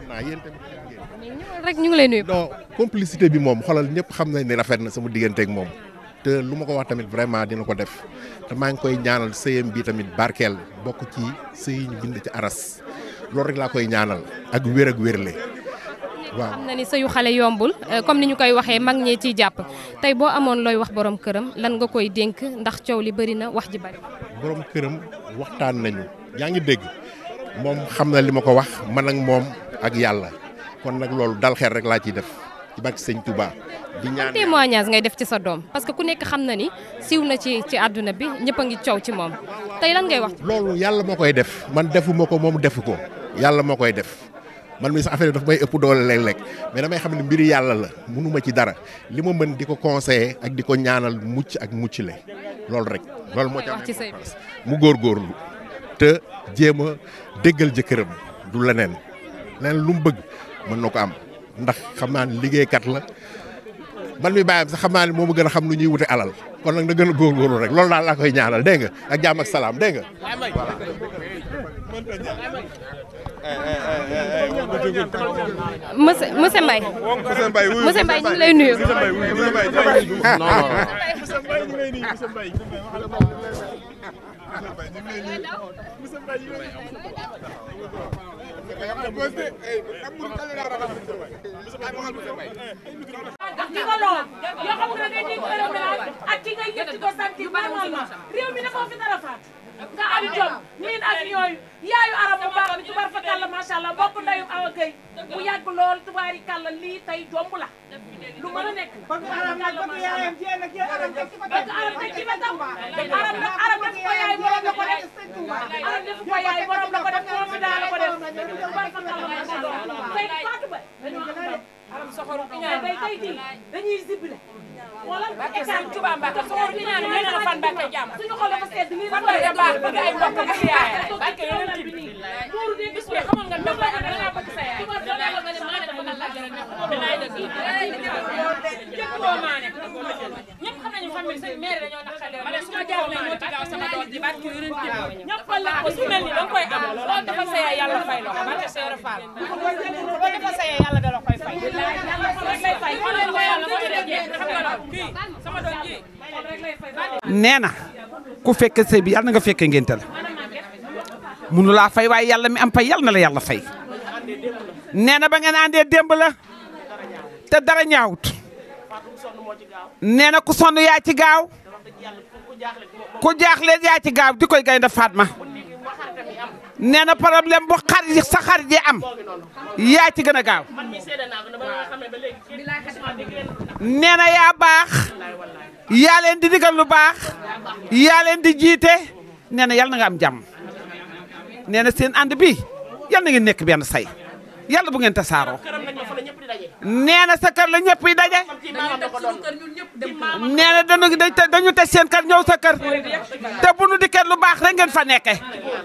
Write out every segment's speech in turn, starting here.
xam naa yéen tamit ñëwal rek ñu ngi lay nuyu. non complicité bi moom xoolal ñëpp xam na ni rafet na sama digganteeg moom te lu ma ko wax tamit vraiment dina ko def te maa ngi koy ñaanal sëyam bi tamit barkeel bokk ci sëy ñu bind ci aras loolu rek laa koy ñaanal ak wér ak wérle waaw xam na ni sëyu xale yombul euh, comme ni ñu koy waxee mag ñee ciy jàpp tey boo amoon looy wax borom këram lan nga koy dénk ndax coow li bëri na wax ji bëri. borom këram waxtaan nañu yaa ngi dégg moom ak yàlla kon nag loolu dal xel rek laa ciy def ci bàkk sëñ Touba. di ñaan témoignage ngay def ci sa doom parce que ku nekk xam na ni siiw na ci ci àdduna bi ñëpp a ngi coow ci moom tey lan ngay wax. loolu yàlla moo koy def man defuma ko moom defu ko yàlla moo koy def. man mi sa affaire daf may ëpp doole lekk léeg mais damay xam ne mbiri yàlla la mënuma ci dara li ma mën di ko conseiller ak di ko ñaanal mucc ak mucc le loolu rek. loolu moo ci amee mu góorgóorlu te jéem a déggal jëkkëram du leneen. leneen lu mu bëgg mën na ko am ndax xam naa ne liggéeykat la man mi bàyyam sax xam moom a gën a xam lu ñuy wute alal kon nag na gën a góorgóorlu rek loolu daal laa koy ñaanal dégg nga ak jaam ak salaam dégg nga voilà monsieur monsieur Mbaye. ñu lay nuyu. ndax ki nga lool yoo xam nga da ngay dégg ërëm ak ki ngay yëg ko sant normalement réew mi dafa fi dara faat am jom miin ak yooyu yaayu arab bu baax bi tubaar fa kàlla macha allah bokk ndeyum awa gay bu yàgg lool tubaari kàlla lii tey jomb la lu mën a nekk bëgg arab nag bëgg yaayam ci nag arab teg ci bëgg arab teg ci bëggam la ko arab def ko fa kàlla macha mooy di dañuy zible wala écart Touba Mbacké soo di ñaan ngeen na fan Mbacké jàmm suñu xol dafa sedd wuñ nee na ku fekke sëy bi yàlla na nga fekke ngénte la munu laa fay waaye yàlla mi ampa pay na la yàlla fay nee ba ngeen àndee démb la te dara ñaawut nee na ku sonn yaa ci gaaw ku jaaxle yaa ci gaaw di koy gaynde Fatma nee na problème bu xar yi sa xar ji am yaa ci gën a gaaw nee yaa baax yaa leen di digal lu baax yaa leen di jiite nee na yal na nga am jàmm nee na seen ànd bi yal na ngeen nekk benn say yàlla bu ngeen tasaaroo. nee na sa kër la ñëpp yi daje. nee na dañu dañu teg seen kër ñëw sa kër. te bu nu dikkee lu baax rek ngeen fa nekke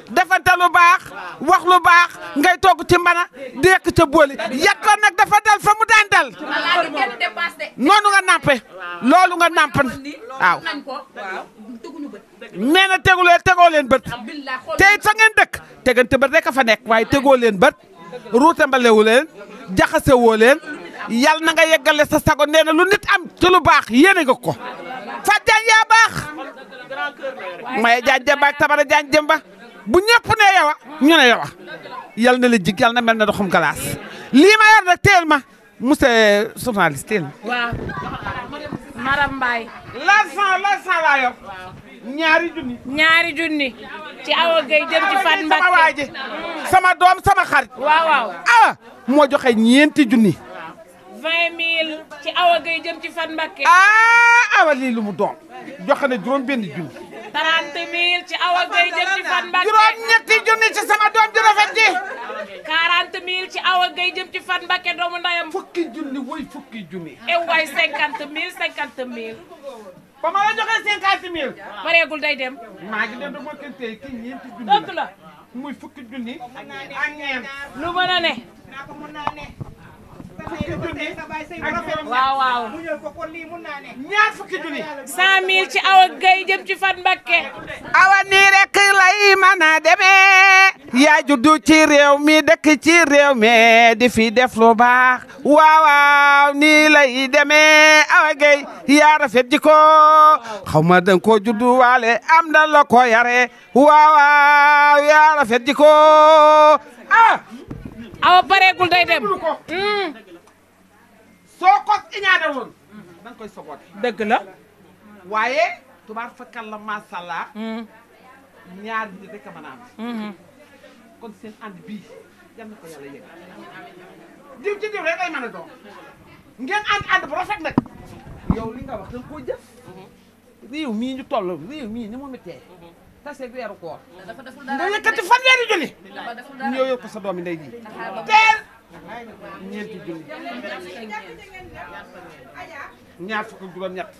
defante lu baax wax lu baax ngay togg ci mbana di yekk ca booli yàqoon nag dafa dal fa mu daan dal. noonu nga nàmpe loolu nga nàmp waaw. nee na tegu leen tegoo leen bët te it fa ngeen dëkk tegante bët rek fa nekk waaye tegoo leen bët ruute mbalewu jaxase woo yal na nga yeggale sa sago nee na lu nit am ci lu baax yéene nga ko Fatou Diagne yaa baax Maye Diagne Demba Tabara Diagne Demba bu ñëpp ne yow ñu ne yow yal na la jig yal na mel na doxum galaas lii ma yor nag teel ma monsieur journaliste teel ma. ñaari junni. ñaari junni. ci Awa Gueye jëm ci Fat sama waa sama doom sama xarit. waaw waaw ah moo joxe ñeenti junni. vingt ci Awa Gueye jëm ci Fat Mbacké. ah awa lii lu joxe na juróom benn junni. trente mille ci Awa Gueye jëm ci Fat juróom ñetti junni ci sama doom ju rafet Awa Gueye jëm ci Fat Mbacké doomu ndayam. fukki junni woy fukki junni. et eh waay cinquante mille cinquante mille. ba ma la joxee cinquante mille. pareegul day dem. maa ngi leen di bokkante ki ñeenti junni la. dëgg la muy fukki junni. lu mën a ne. naa ko waaw ci awa gay jëm ci Fat Mbakke awa nii rek lay mën a demee yaa juddu ci réew mi dëkk ci réew mi di fi def lu baax waaw waaw nii lay awa gay yaa rafet jiko xaw ma danga koo juddu waale am na la ko yare waaw waaw yaa rafet ah! awa pareegul day dem soo ko iñaane woon mm-hmm. da nga koy soboote dëgg la waaye tubaar fakkal la masàllaa mm. ñaar ñi rek a mën a mm-hmm. seen ànd bii yal na ko yàlla yëg a ngeen ànd ànd bu rafet nag yow li nga wax danga koo jëf mm-hmm. réew mii ñu toll réew mii ni mu méttee tase weeru koor nga yëkkati fanweeri junni ñëw yëpp ko sa doomi ndey ji teel ñeenti junni ñaar fukk juróom ñett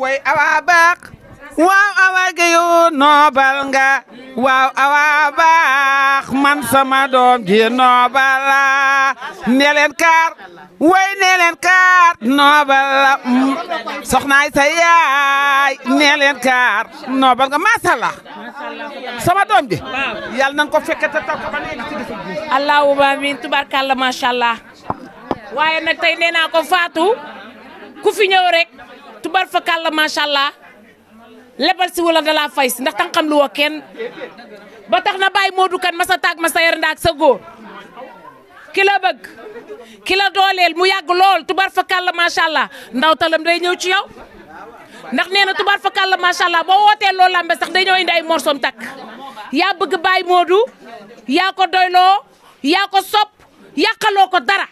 way awa baax waaw awaa geyo noobal nga waaw awaa baax man sama doom ji noobal la neleen kaar way neleen kaar noobal la mm. soxnaay sa yaay neleen kaar noobal nga maasàllaa sama doom ji yàlla nañ ko fekke te taw ko ba léegi ci gis allahumma amiin tubarkalla macha allah waaye nag tey nee ko Fatou ku fi ñëw rek tubar fa kàlla macha lebal si wala dalaa fay ndax tànqam lu woo kenn ba tax na bàyyi Modou Kane masa sa taag ma sa yar ndaak sa góor ki la bëgg dooleel mu yàgg lool tubar fa kàlla macha allah ndaw talam day ñëw ci yow ndax nee na tubar fa kàlla macha allah boo wootee lambe sax day ñëw indi ay morsom takk yaa bëgg bàyyi Modou yaa ko doyloo yaa ko sopp yàqaloo ko dara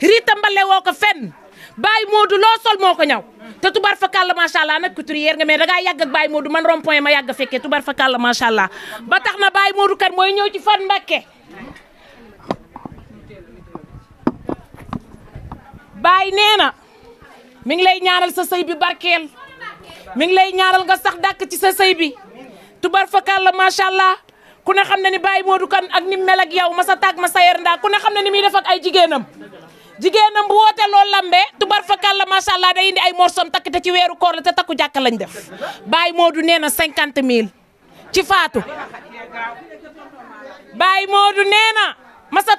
riita mbale woo ko fenn Baye Modou loo sol moo ko ñaw te tubar fa kàlla macha allah nag couturière nga mais dangaa yàgg ak Baye Modou man rond point ma yàgg fekkee tubar fa kàlla macha allah ba tax na Baye Modou kat mooy ñëw ci fan Mbakke. Baye nee na mi ngi lay ñaanal sa sëy bi barkeel mi ngi lay ñaanal nga sax dàkk ci sa sëy bi tubar fa kàlla macha allah ku ne xam na ni Baye Modou kan ak ni mu mel ak yow ma sa tàgg ma sa yer ndaa ku xam ne ni muy def ay jigéenam. jigéenam bu woote loolu lambe tubar fakal la macha allah day indi ay morsom takk te ci weeru la te takku jàkk lañ def Baye Modou nee cinquante mille ci faatu Baye Modou nee na masa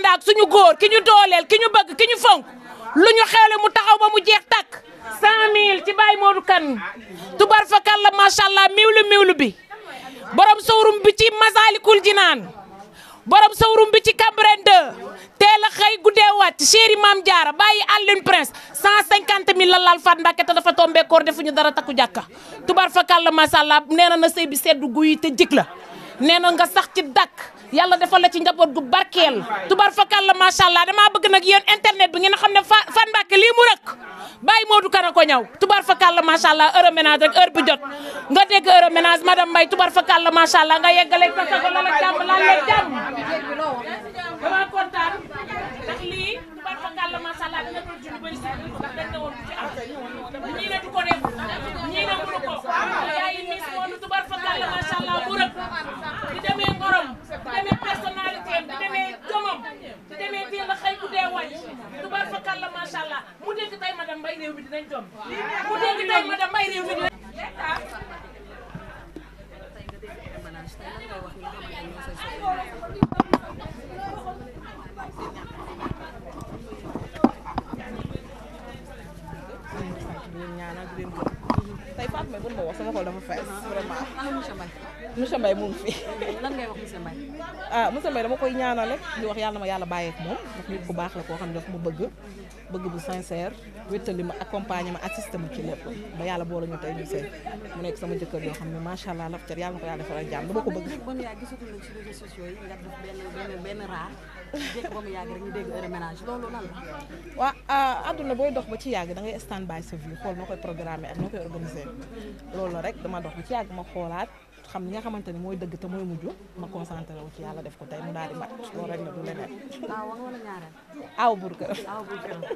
ndaak suñu góor ki ñu dooleel ki ñu bëgg ki ñu fonk lu ñu xewle mu taxaw ba mu jeex takk cent mille ci Baye Modou kan tubar fakal la macha allah miwlu bi borom sowrum bi ci Masalikul Jinaan borom sowrum bi ci Cambérène 2 teel a xëy guddee wàcc chéri maam jaara bàyyi Alioune Prince 150 000 la laal Fatou Mbacké te dafa tombé koor defuñu dara takku jàkka tubar fakal la macha allah nee na na sëy bi seddu guy te jik la nee na nga sax ci dàkk yàlla defal la ci njaboot gu barkeel tubar fakal la macha allah damaa bëgg nag yéen internet bi ngeen xam ne Fatou Mbacké lii mu rëkk bàyyi du Kara ko ñaw tubar fakal la macha allah heure ménage rek heure bi jot nga dégg heure ménage madame Mbaye tubar fakal la macha allah nga yeggaleeg sa sago dama kontaan ndax lii tubarfakalla macha allah dina doon ci lu bëri si ndax dañ ne woon du ci am ñii ne du ko def mën ma wax sama xol dafa fees vraiment. monsieur Mbaye mu ngi fi. lan ngay wax monsieur Mbaye. ah monsieur Mbaye dama koy ñaanal rek di wax yàlla ma yàlla bàyyeek moom ndax nit ku baax la koo xam ne daf ma bëgg. bëgg bu sincère wéttali ma accompagne ma assisté ma ci lépp ba yàlla boole ñu tey ñu seen mu nekk sama jëkkër yoo xam ne macha allah laf car yàlla na ko yàlla defal ak dama ko bëgg. ba mu yàgg gisatul ci réseaux sociaux yi nga def benn ah, àdduna booy dox ba ci yàgg da ngay stand by sa vie xool noo koy programmer ak noo koy organiser loolu rek dama dox ba ci yàgg ma xoolaat xam li nga xamante ne mooy dëgg te mooy mujj ma concentré wu ci yàlla def ko tey mu daal di mat loolu rek na du leneen. waaw wax aw buur këram. aw buur këram.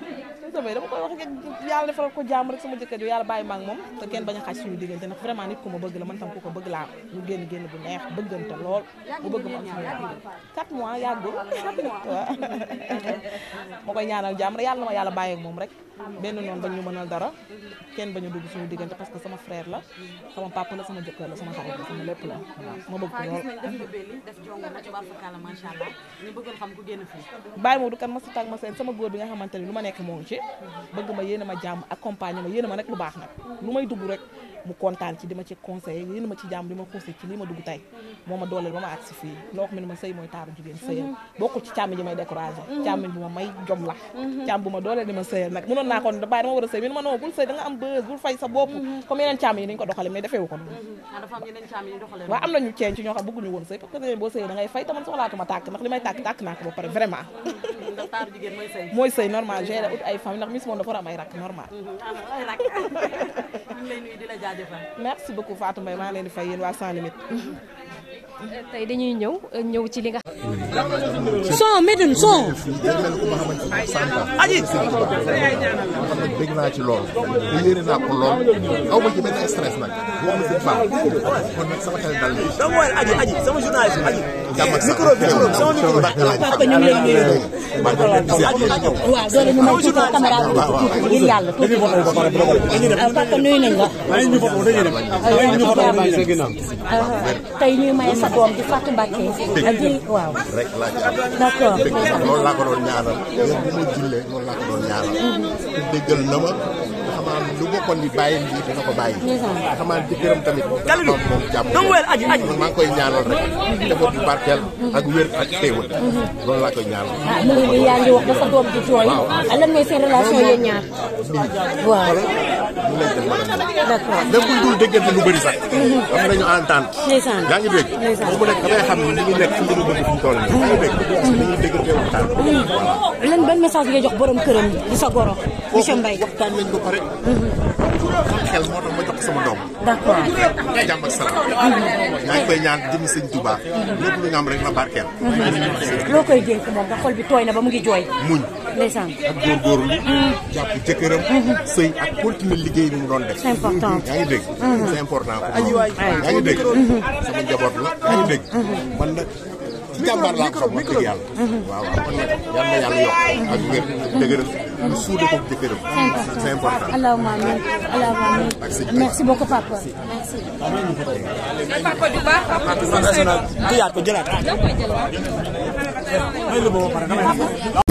damay dama koy wax rek yàlla defaral ko jàmm rek sama jëkkër jo yàlla bàyyi ma moom kenn bañ a xaj suñu diggante ndax vraiment nit ku ma bëgg la man tam ku ko bëgg laa ñu génn génn bu neex bëggante lool bu bëgg ma am 4 mois yàggul waaw ma koy ñaanal jàmm rek yàlla na moom rek benn noonu bañ ñu mënal dara kenn bañ a dugg diggante parce que sama frère la sama papa la sama jëkkër la sama xarit la sama la waaw ma bëgg lool bàyyi moo du ma sa tàg ma seen sama góor bi nga xamante ni lu ma nekk moo ci bëgg ma yéene ma jàmm accompagner ma yéene ma nag lu baax nag lu may dugg rek mu kontaan ci di ma ci conseillé li ma ci jàmm di ma conseillé ci lii ma dugg tey moo ma dooleel ba ma agsi fii loo xam ma sëy mooy taaru jigéen sëyal mm-hmm. bokkul ci càmmiñ ji may découragé mm-hmm. càmmiñ bu ma may jom la mm-hmm. bu ma dooleel di ma sëy normal géré ay famille ndax mis moom dafa war am ay rakk normal ah, jaajëfal merci beaucoup Fatou Mbaye maa ngi leen fa fay yéen waa Sans Limite. tey dañuy ñëw ñëw ci li nga. son Médoune son. aji. dégg naa ko lool aw ma ci benn stress nag boo ma si baax sama xel aji aji sama journaliste aji. micro bi sama micro papa ñu ngi lay nuyu waaw doole ñu may tuuti caméra bi tuuti ngir yàlla tuuti papa nuyu nañ la tey ñuy maye sa doom di Fatou Mbacké di waaw d'accord loolu laa ko doon ñaanal bu ma jullee loolu laa ko doon ñaanal déggal na ma maanaam lu bokkoon ni bàyyi lii dina ko bàyyi. Ah, xamaa jëkkëram tamit. dana ko moom jàmm maa ngi koy ñaanal rek. njaboot bu barkeel ak wér ak xéewal. Mhm. loolu laa koy ñaanal. ah mu ngi nii yaa ngi wax ba doom di jooy. waaw ah, mooy seen relation yéen ñaar. waaw. ñu lay def mën a. d'accord même bu ñu dul déggante lu bëri sax. am nañu entente. ndeysaan yaa ngi dégg. ndeysaan moom mu nekk dafay xam ni ñu nekk fi ñu bëgg fi mu toll nii. ñu dégg dañuy déggante waxtaan. voilà hmm. lan ban message ngay jox borom këram di sa goro. monsieur Mbaye waxtaan nañ ko pare. xam xel moo tax ma jox sama doom. d'accord jàmm ak salaam. Hmm. yaa ngi koy ñaan jëm sëñ Touba. lépp lu ñu am rek la barkeel. Hmm. loo koy dénk moom nga xol bi tooy na ba mu ngi jooy. muñ. ndeysaan ak góorgóorlu jàpp jëkkëram sëy ak continuer liggéey bi mu doon def yaa ngi dégg c'est important yaa ngi dégg sama njaboot yaa ngi dégg man nag ci jàmbaar laa ko xam wax dëgg yàlla waaw waaw kon nag yal na yàlla ko jëkkëram c'est important allahumma amin allahumma